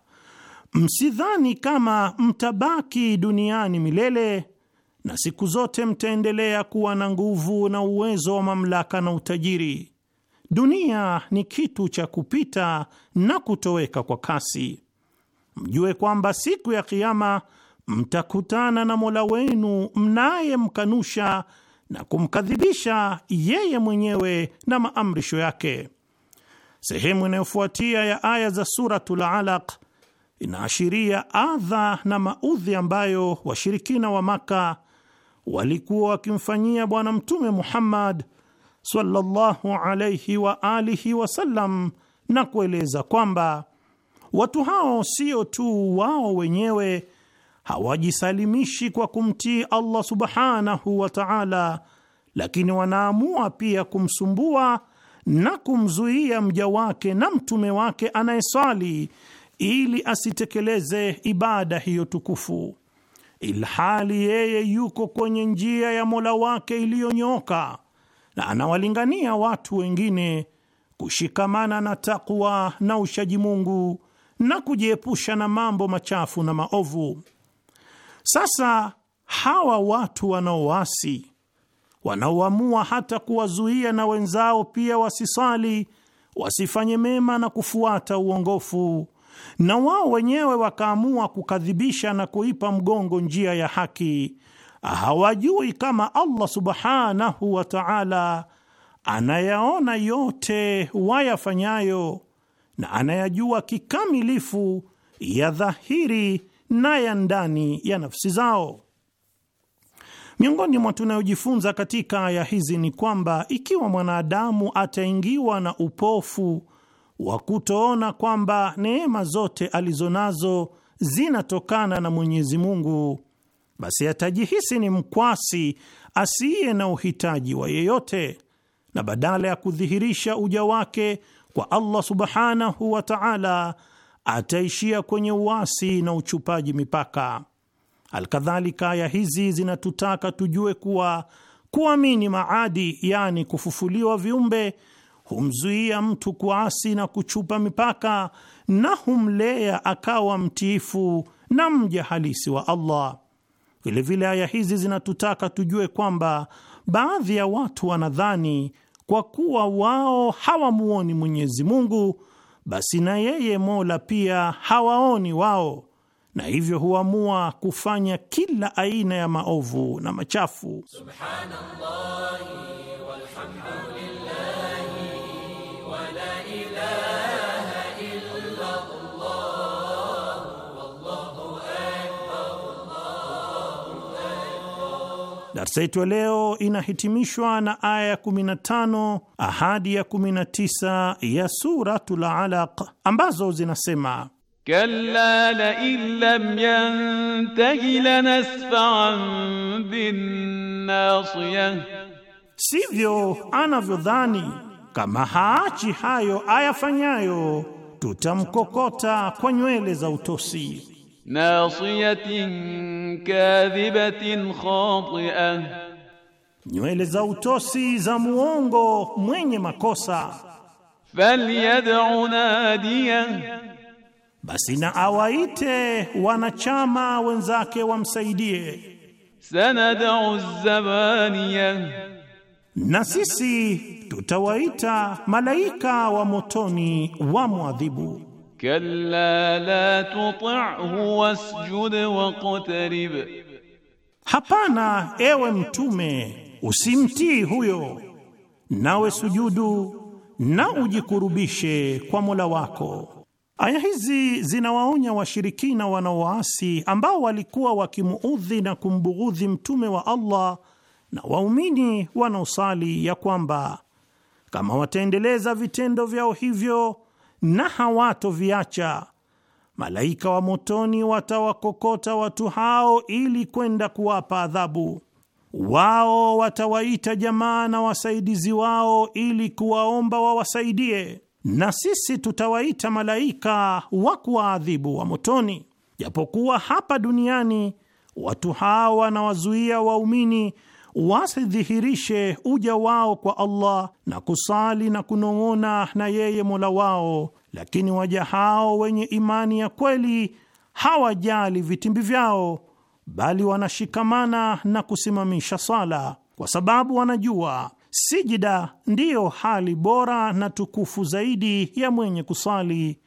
Msidhani kama mtabaki duniani milele na siku zote mtaendelea kuwa na nguvu na uwezo wa mamlaka na utajiri. Dunia ni kitu cha kupita na kutoweka kwa kasi. Mjue kwamba siku ya Kiama mtakutana na Mola wenu mnayemkanusha na kumkadhibisha yeye mwenyewe na maamrisho yake. Sehemu inayofuatia ya aya za Suratul Alaq inaashiria adha na maudhi ambayo washirikina wa Maka walikuwa wakimfanyia Bwana Mtume Muhammad sallallahu alayhi wa alihi wasallam, na kueleza kwamba watu hao sio tu wao wenyewe hawajisalimishi kwa kumtii Allah subhanahu wa ta'ala, lakini wanaamua pia kumsumbua na kumzuia mja wake na mtume wake anayesali ili asitekeleze ibada hiyo tukufu, ilhali yeye yuko kwenye njia ya Mola wake iliyonyooka na anawalingania watu wengine kushikamana na takwa na ushaji Mungu na kujiepusha na mambo machafu na maovu. Sasa hawa watu wanaowasi, wanaoamua hata kuwazuia na wenzao pia wasisali, wasifanye mema na kufuata uongofu na wao wenyewe wakaamua kukadhibisha na kuipa mgongo njia ya haki, hawajui kama Allah subhanahu wa ta'ala anayaona yote wayafanyayo na anayajua kikamilifu ya dhahiri na ya ndani ya nafsi zao. Miongoni mwa tunayojifunza katika aya hizi ni kwamba ikiwa mwanadamu ataingiwa na upofu wa kutoona kwamba neema zote alizo nazo zinatokana na Mwenyezi Mungu, basi atajihisi ni mkwasi asiye na uhitaji wa yeyote, na badala ya kudhihirisha uja wake kwa Allah subhanahu wa ta'ala ataishia kwenye uasi na uchupaji mipaka. Alkadhalika, aya hizi zinatutaka tujue kuwa kuamini maadi, yani kufufuliwa viumbe humzuia mtu kuasi na kuchupa mipaka na humlea akawa mtiifu na mja halisi wa Allah. Vilevile aya hizi zinatutaka tujue kwamba baadhi ya watu wanadhani kwa kuwa wao hawamuoni Mwenyezi Mungu, basi na yeye Mola pia hawaoni wao, na hivyo huamua kufanya kila aina ya maovu na machafu. Subhanallah. Darsa yetu ya leo inahitimishwa na aya ya 15 ahadi ya 19 ya Suratul Alaq ambazo zinasema kalla la in yantahi lanasfa'an binnasiyah, sivyo anavyodhani kama haachi hayo ayafanyayo, tutamkokota kwa nywele za utosi nasiyatin kadhibatin nywele za utosi za muongo mwenye makosa. Falyad'u nadiya, basi na awaite wanachama wenzake wamsaidie. Sanad'u zabaniya, na sisi tutawaita malaika wa motoni wa mwadhibu. Kalla la tuti'hu wasjud waqtarib, hapana ewe Mtume, usimtii huyo, nawe sujudu na ujikurubishe kwa Mola wako. Aya hizi zinawaonya washirikina wanaowaasi ambao walikuwa wakimuudhi na kumbughudhi mtume wa Allah na waumini wanaosali ya kwamba kama wataendeleza vitendo vyao hivyo na hawatoviacha. Malaika wa motoni watawakokota watu hao ili kwenda kuwapa adhabu. Wao watawaita jamaa na wasaidizi wao ili kuwaomba wawasaidie, na sisi tutawaita malaika wa kuwaadhibu wa motoni. Japokuwa hapa duniani watu hao wanawazuia waumini wasidhihirishe uja wao kwa Allah na kusali na kunong'ona na yeye Mola wao, lakini waja hao wenye imani ya kweli hawajali vitimbi vyao, bali wanashikamana na kusimamisha sala, kwa sababu wanajua sijida ndiyo hali bora na tukufu zaidi ya mwenye kusali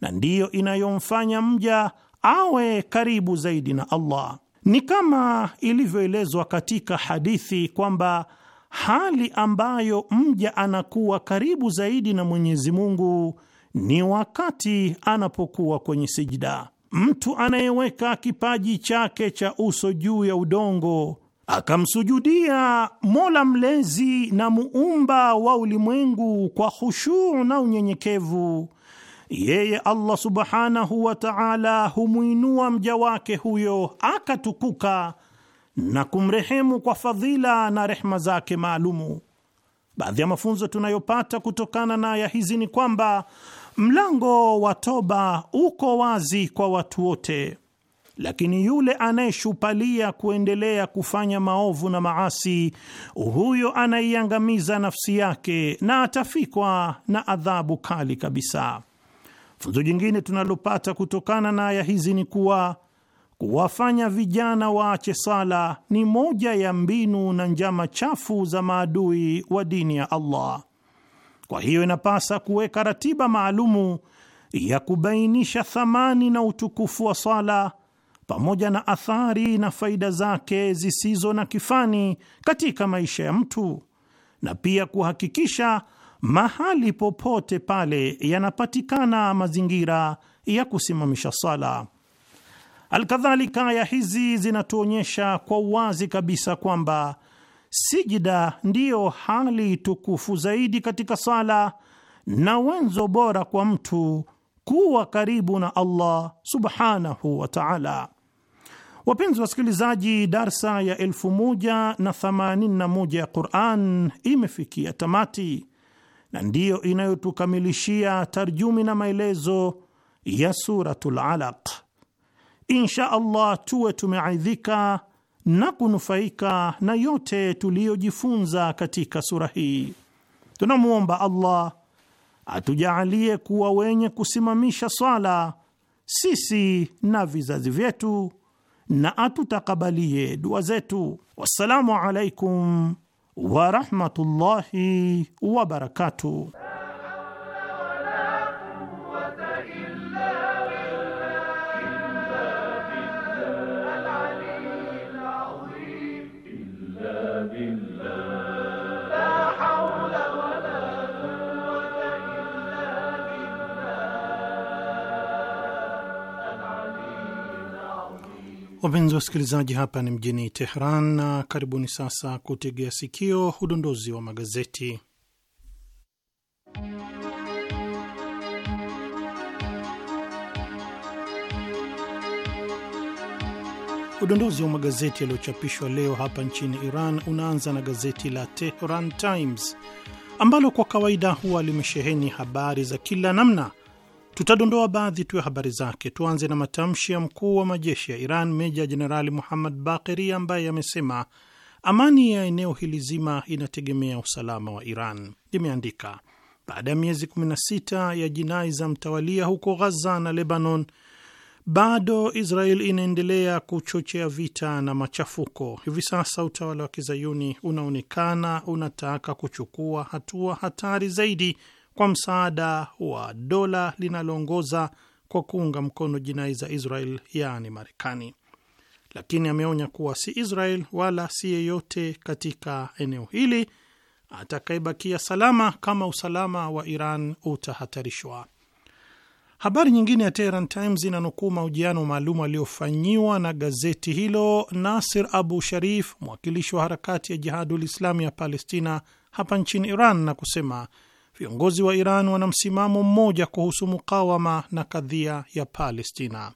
na ndiyo inayomfanya mja awe karibu zaidi na Allah. Ni kama ilivyoelezwa katika hadithi kwamba hali ambayo mja anakuwa karibu zaidi na Mwenyezi Mungu ni wakati anapokuwa kwenye sijida. Mtu anayeweka kipaji chake cha uso juu ya udongo akamsujudia Mola mlezi na muumba wa ulimwengu kwa hushuu na unyenyekevu yeye Allah subhanahu wa ta'ala humwinua mja wake huyo akatukuka na kumrehemu kwa fadhila na rehma zake maalumu. Baadhi ya mafunzo tunayopata kutokana na aya hizi ni kwamba mlango wa toba uko wazi kwa watu wote, lakini yule anayeshupalia kuendelea kufanya maovu na maasi, huyo anaiangamiza nafsi yake na atafikwa na adhabu kali kabisa. Funzo jingine tunalopata kutokana na aya hizi ni kuwa kuwafanya vijana waache sala ni moja ya mbinu na njama chafu za maadui wa dini ya Allah. Kwa hiyo inapasa kuweka ratiba maalumu ya kubainisha thamani na utukufu wa sala pamoja na athari na faida zake zisizo na kifani katika maisha ya mtu na pia kuhakikisha mahali popote pale yanapatikana mazingira ya kusimamisha sala. Alkadhalika, aya hizi zinatuonyesha kwa uwazi kabisa kwamba sijida ndiyo hali tukufu zaidi katika sala na wenzo bora kwa mtu kuwa karibu na Allah subhanahu wa ta'ala. Wapenzi wasikilizaji, darsa ya 1181 ya Qur'an imefikia tamati na ndiyo inayotukamilishia tarjumi na maelezo ya Suratul Alaq. Insha Allah tuwe tumeaidhika na kunufaika na yote tuliyojifunza katika sura hii. Tunamwomba Allah atujaalie kuwa wenye kusimamisha swala sisi na vizazi vyetu na atutakabalie dua zetu. Wassalamu alaikum ورحمه الله وبركاته Wapenzi wasikilizaji, hapa ni mjini Tehran na karibuni sasa kutegea sikio udondozi wa magazeti. Udondozi wa magazeti yaliyochapishwa leo hapa nchini Iran unaanza na gazeti la Tehran Times ambalo kwa kawaida huwa limesheheni habari za kila namna Tutadondoa baadhi tu ya habari zake. Tuanze na matamshi ya mkuu wa majeshi ya Iran, Meja Jenerali Muhammad Bakeri, ambaye amesema amani ya eneo hili zima inategemea usalama wa Iran. Limeandika baada ya miezi 16 ya jinai za mtawalia huko Ghaza na Lebanon, bado Israel inaendelea kuchochea vita na machafuko. Hivi sasa utawala wa kizayuni unaonekana unataka kuchukua hatua hatari zaidi kwa msaada wa dola linaloongoza kwa kuunga mkono jinai za Israel yaani Marekani, lakini ameonya kuwa si Israel wala si yeyote katika eneo hili atakayebakia salama kama usalama wa Iran utahatarishwa. Habari nyingine ya Teheran Times inanukuu mahojiano maalum aliyofanyiwa na gazeti hilo Nasir Abu Sharif, mwakilishi wa harakati ya Jihadul Islami ya Palestina hapa nchini Iran, na kusema viongozi wa Iran wana msimamo mmoja kuhusu mukawama na kadhia ya Palestina.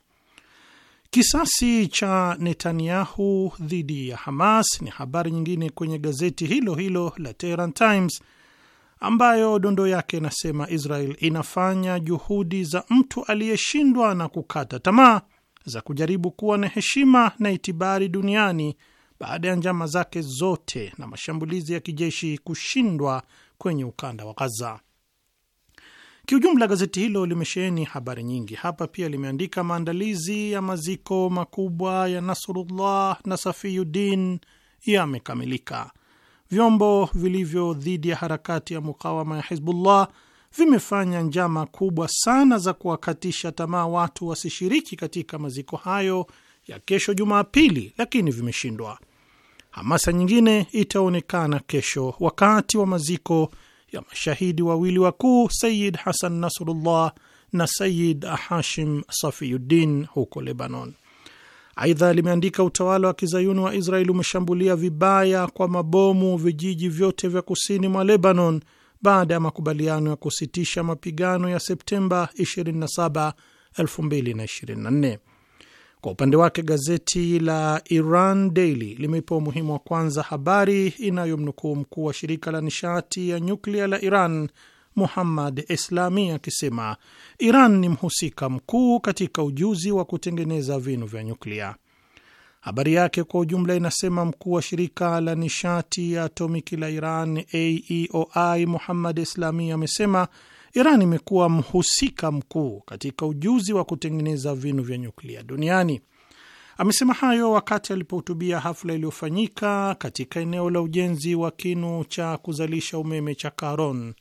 Kisasi cha Netanyahu dhidi ya Hamas ni habari nyingine kwenye gazeti hilo hilo la Tehran Times, ambayo dondo yake inasema Israel inafanya juhudi za mtu aliyeshindwa na kukata tamaa za kujaribu kuwa na heshima na itibari duniani baada ya njama zake zote na mashambulizi ya kijeshi kushindwa kwenye ukanda wa Gaza. Kiujumla, gazeti hilo limesheheni habari nyingi. Hapa pia limeandika maandalizi ya maziko makubwa ya Nasrullah na Safiyuddin yamekamilika. Vyombo vilivyo dhidi ya harakati ya mukawama ya Hizbullah vimefanya njama kubwa sana za kuwakatisha tamaa watu wasishiriki katika maziko hayo ya kesho Jumapili, lakini vimeshindwa. Hamasa nyingine itaonekana kesho wakati wa maziko ya mashahidi wawili wakuu Sayid Hasan Nasrullah na Sayid Hashim Safiyuddin huko Lebanon. Aidha limeandika utawala wa kizayuni wa Israeli umeshambulia vibaya kwa mabomu vijiji vyote vya kusini mwa Lebanon baada ya makubaliano ya kusitisha mapigano ya Septemba 27, 2024. Kwa upande wake gazeti la Iran Daily limeipa umuhimu wa kwanza habari inayomnukuu mkuu wa shirika la nishati ya nyuklia la Iran Muhammad Islami akisema Iran ni mhusika mkuu katika ujuzi wa kutengeneza vinu vya nyuklia. Habari yake kwa ujumla inasema mkuu wa shirika la nishati ya atomiki la Iran AEOI Muhammad Islami amesema Iran imekuwa mhusika mkuu katika ujuzi wa kutengeneza vinu vya nyuklia duniani. Amesema hayo wakati alipohutubia hafla iliyofanyika katika eneo la ujenzi wa kinu cha kuzalisha umeme cha Karon.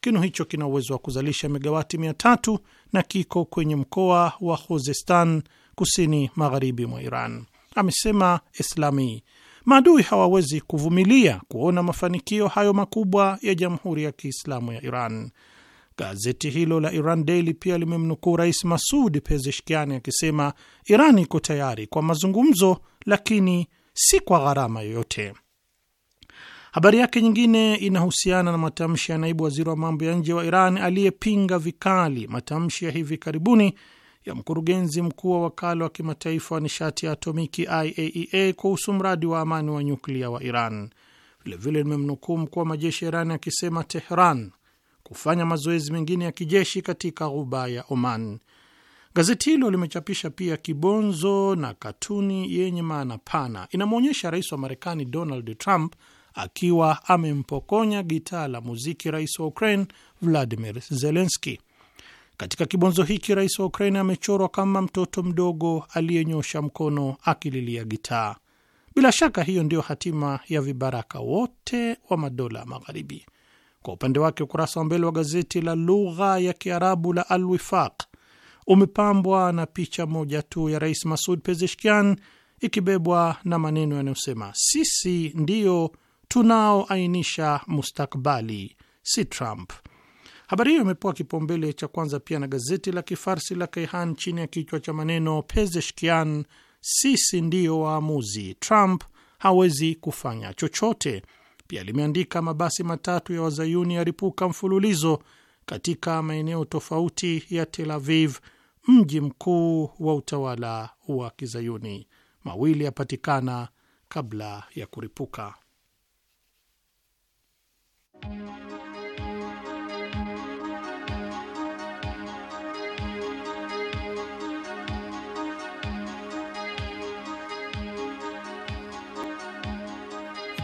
Kinu hicho kina uwezo wa kuzalisha megawati mia tatu na kiko kwenye mkoa wa Khuzestan, kusini magharibi mwa Iran. Amesema Islami maadui hawawezi kuvumilia kuona mafanikio hayo makubwa ya Jamhuri ya Kiislamu ya Iran Gazeti hilo la Iran Daily pia limemnukuu Rais Masud Pezeshkiani akisema Iran iko tayari kwa mazungumzo, lakini si kwa gharama yoyote. Habari yake nyingine inahusiana na matamshi ya naibu waziri wa mambo ya nje wa Iran aliyepinga vikali matamshi ya hivi karibuni ya mkurugenzi mkuu wa wakala wa kimataifa wa nishati ya atomiki IAEA e kuhusu mradi wa amani wa nyuklia wa Iran. Vilevile limemnukuu mkuu wa majeshi ya Iran akisema Tehran kufanya mazoezi mengine ya kijeshi katika ghuba ya Oman. Gazeti hilo limechapisha pia kibonzo na katuni yenye maana pana. Inamwonyesha rais wa Marekani Donald Trump akiwa amempokonya gitaa la muziki rais wa Ukraine Vladimir Zelenski. Katika kibonzo hiki rais wa Ukraine amechorwa kama mtoto mdogo aliyenyosha mkono akililia gitaa. Bila shaka hiyo ndiyo hatima ya vibaraka wote wa madola magharibi. Kwa upande wake ukurasa wa mbele wa gazeti la lugha ya Kiarabu la Al Wifaq umepambwa na picha moja tu ya Rais Masud Pezeshkian ikibebwa na maneno yanayosema sisi ndiyo tunaoainisha mustakbali, si Trump. Habari hiyo imepewa kipaumbele cha kwanza pia na gazeti la Kifarsi la Kayhan chini ya kichwa cha maneno Pezeshkian, sisi ndiyo waamuzi, Trump hawezi kufanya chochote. Pia limeandika mabasi matatu ya wazayuni yaripuka mfululizo katika maeneo tofauti ya Tel Aviv, mji mkuu wa utawala wa Kizayuni. Mawili yapatikana kabla ya kuripuka.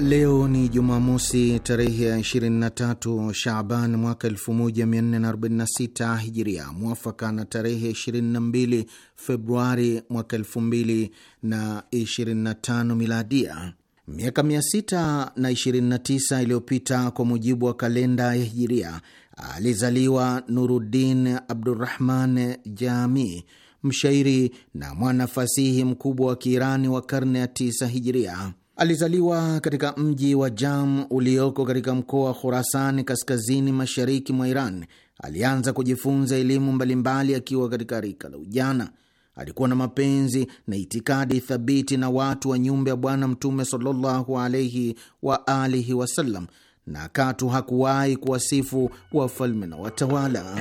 Leo ni Jumamosi, tarehe ya 23 Shaban mwaka 1446 Hijiria, mwafaka na tarehe 22 Februari mwaka 2025 Miladia. Miaka 629 iliyopita kwa mujibu wa kalenda ya Hijiria, alizaliwa Nuruddin Abdurrahman Jami, mshairi na mwanafasihi mkubwa wa Kiirani wa karne ya 9 Hijiria. Alizaliwa katika mji wa Jam ulioko katika mkoa wa Khurasani, kaskazini mashariki mwa Iran. Alianza kujifunza elimu mbalimbali akiwa katika rika la ujana. Alikuwa na mapenzi na itikadi thabiti na watu wa nyumba ya Bwana Mtume sallallahu alaihi wa alihi wasallam, na katu hakuwahi kuwasifu wafalme na watawala.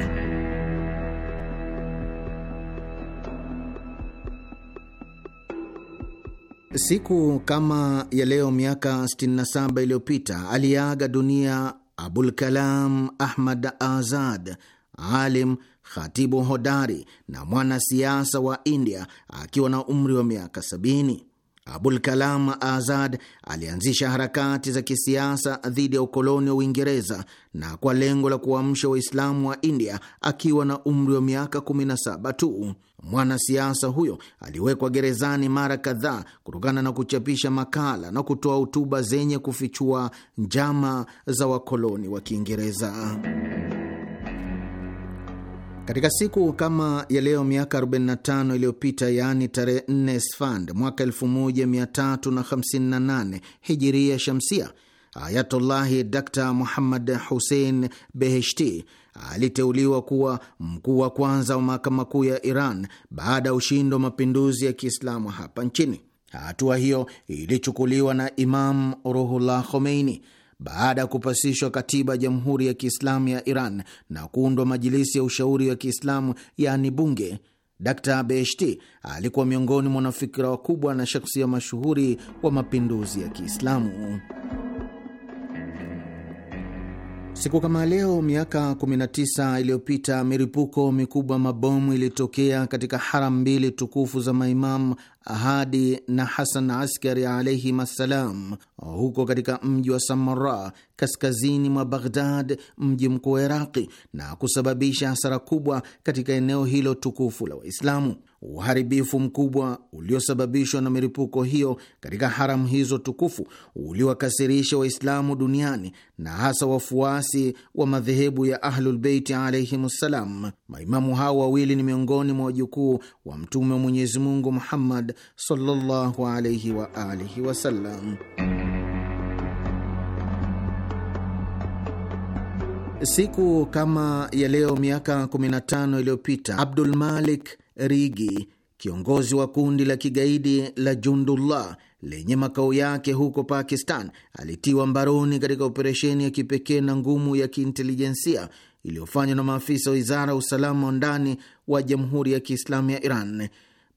Siku kama ya leo miaka 67 iliyopita aliaga dunia Abul Kalam Ahmad Azad, alim, khatibu hodari na mwanasiasa wa India akiwa na umri wa miaka 70. Abul Kalam Azad alianzisha harakati za kisiasa dhidi ya ukoloni wa Uingereza na kwa lengo la kuamsha Waislamu wa India akiwa na umri wa miaka 17 tu. Mwanasiasa huyo aliwekwa gerezani mara kadhaa kutokana na kuchapisha makala na kutoa hotuba zenye kufichua njama za wakoloni wa Kiingereza. Katika siku kama ya leo miaka 45 iliyopita, yaani tarehe 4 Sfand mwaka 1358 hijiria shamsia, Ayatullahi Dr Muhammad Hussein Beheshti aliteuliwa kuwa mkuu wa kwanza wa mahakama kuu ya Iran baada ya ushindi wa mapinduzi ya Kiislamu hapa nchini. Hatua hiyo ilichukuliwa na Imam Ruhullah Khomeini baada ya kupasishwa katiba ya Jamhuri ya Kiislamu ya Iran na kuundwa Majilisi ya Ushauri wa Kiislamu yaani bunge, Dr Beheshti alikuwa miongoni mwa wanafikira wakubwa na shakhsia mashuhuri wa mapinduzi ya Kiislamu. Siku kama leo miaka 19 iliyopita milipuko mikubwa mabomu ilitokea katika haram mbili tukufu za maimamu Hadi na Hasan Askari alaihim assalam, huko katika mji wa Samara kaskazini mwa Baghdad, mji mkuu wa Iraqi, na kusababisha hasara kubwa katika eneo hilo tukufu la Waislamu. Uharibifu mkubwa uliosababishwa na milipuko hiyo katika haramu hizo tukufu uliwakasirisha Waislamu duniani na hasa wafuasi wa madhehebu ya Ahlulbeiti alaihim ssalam. Maimamu hao wawili ni miongoni mwa wajukuu wa Mtume wa Mwenyezi Mungu Muhammad sallallahu alaihi wa alihi wasallam. Siku kama ya leo miaka 15 iliyopita Abdul Malik Rigi, kiongozi wa kundi la kigaidi la Jundullah lenye makao yake huko Pakistan, alitiwa mbaroni katika operesheni ya kipekee na ngumu ya kiintelijensia iliyofanywa na maafisa wa wizara ya usalama wa ndani wa Jamhuri ya Kiislamu ya Iran.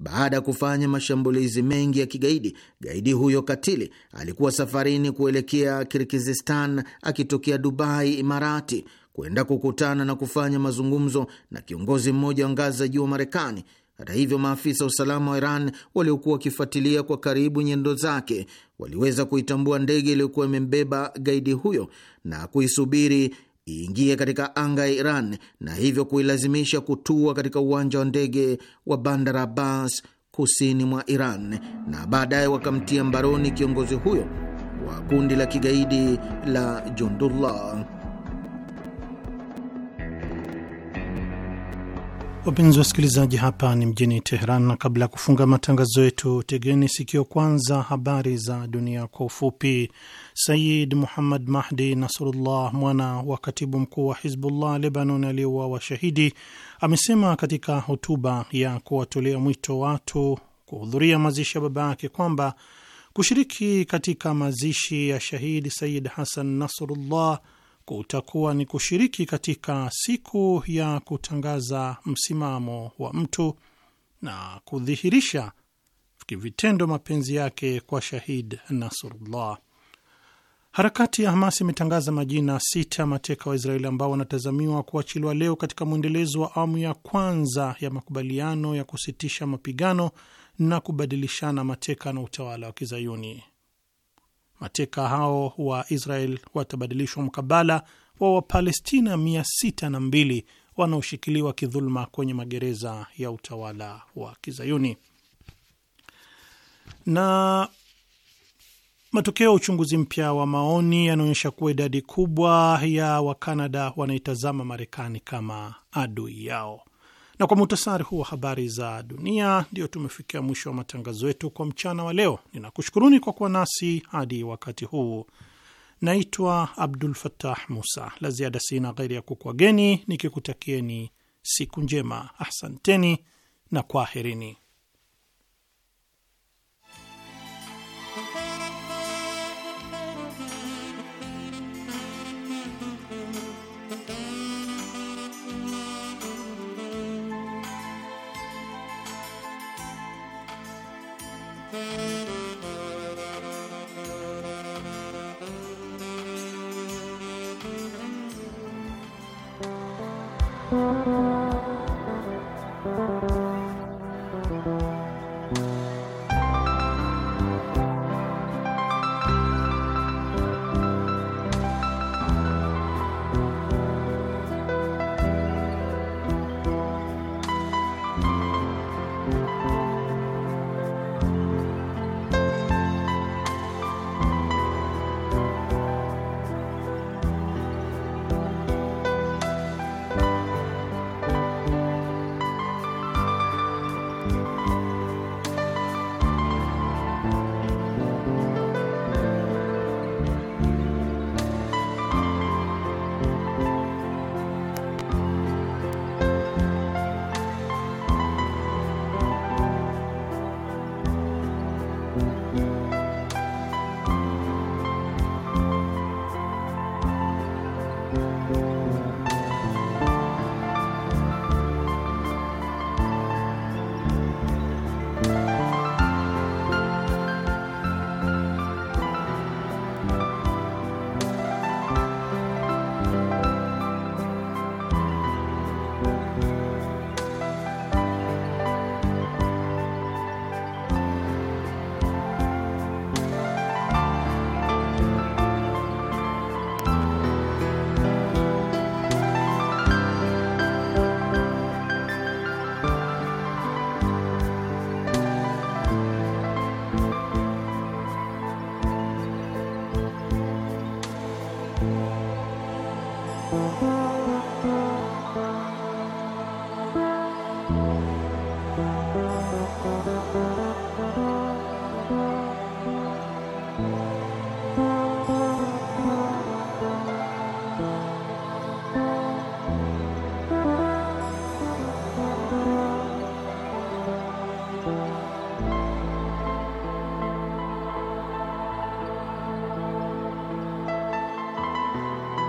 Baada ya kufanya mashambulizi mengi ya kigaidi, gaidi huyo katili alikuwa safarini kuelekea Kirgizistan akitokea Dubai, Imarati, kwenda kukutana na kufanya mazungumzo na kiongozi mmoja wa ngazi za juu wa Marekani. Hata hivyo, maafisa wa usalama wa Iran waliokuwa wakifuatilia kwa karibu nyendo zake waliweza kuitambua ndege iliyokuwa imembeba gaidi huyo na kuisubiri iingie katika anga ya Iran na hivyo kuilazimisha kutua katika uwanja wa ndege wa Bandar Abbas kusini mwa Iran, na baadaye wakamtia mbaroni kiongozi huyo wa kundi la kigaidi la Jundullah. Wapenzi wasikilizaji, hapa ni mjini Teheran, na kabla ya kufunga matangazo yetu, tegeni sikio kwanza habari za dunia kwa ufupi. Sayid Muhammad Mahdi Nasrullah, mwana wa katibu mkuu wa Hizbullah Lebanon aliyeuawa shahidi, amesema katika hotuba ya kuwatolea mwito watu kuhudhuria mazishi ya baba yake kwamba kushiriki katika mazishi ya shahidi Sayid Hasan Nasrullah kutakuwa ni kushiriki katika siku ya kutangaza msimamo wa mtu na kudhihirisha kivitendo mapenzi yake kwa shahid Nasrullah. Harakati ya Hamas imetangaza majina sita mateka wa Israeli ambao wanatazamiwa kuachiliwa leo katika mwendelezo wa awamu ya kwanza ya makubaliano ya kusitisha mapigano na kubadilishana mateka na utawala wa Kizayuni mateka hao wa Israel watabadilishwa mkabala wa Wapalestina 602 wanaoshikiliwa kidhuluma kwenye magereza ya utawala wa Kizayuni. Na matokeo ya uchunguzi mpya wa maoni yanaonyesha kuwa idadi kubwa ya Wakanada wanaitazama Marekani kama adui yao. Na kwa muhtasari huu wa habari za dunia, ndio tumefikia mwisho wa matangazo yetu kwa mchana wa leo. Ninakushukuruni kwa kuwa nasi hadi wakati huu. Naitwa Abdul Fattah Musa. La ziada sina ghairi ya kukwageni nikikutakieni siku njema. Ahsanteni na kwaherini.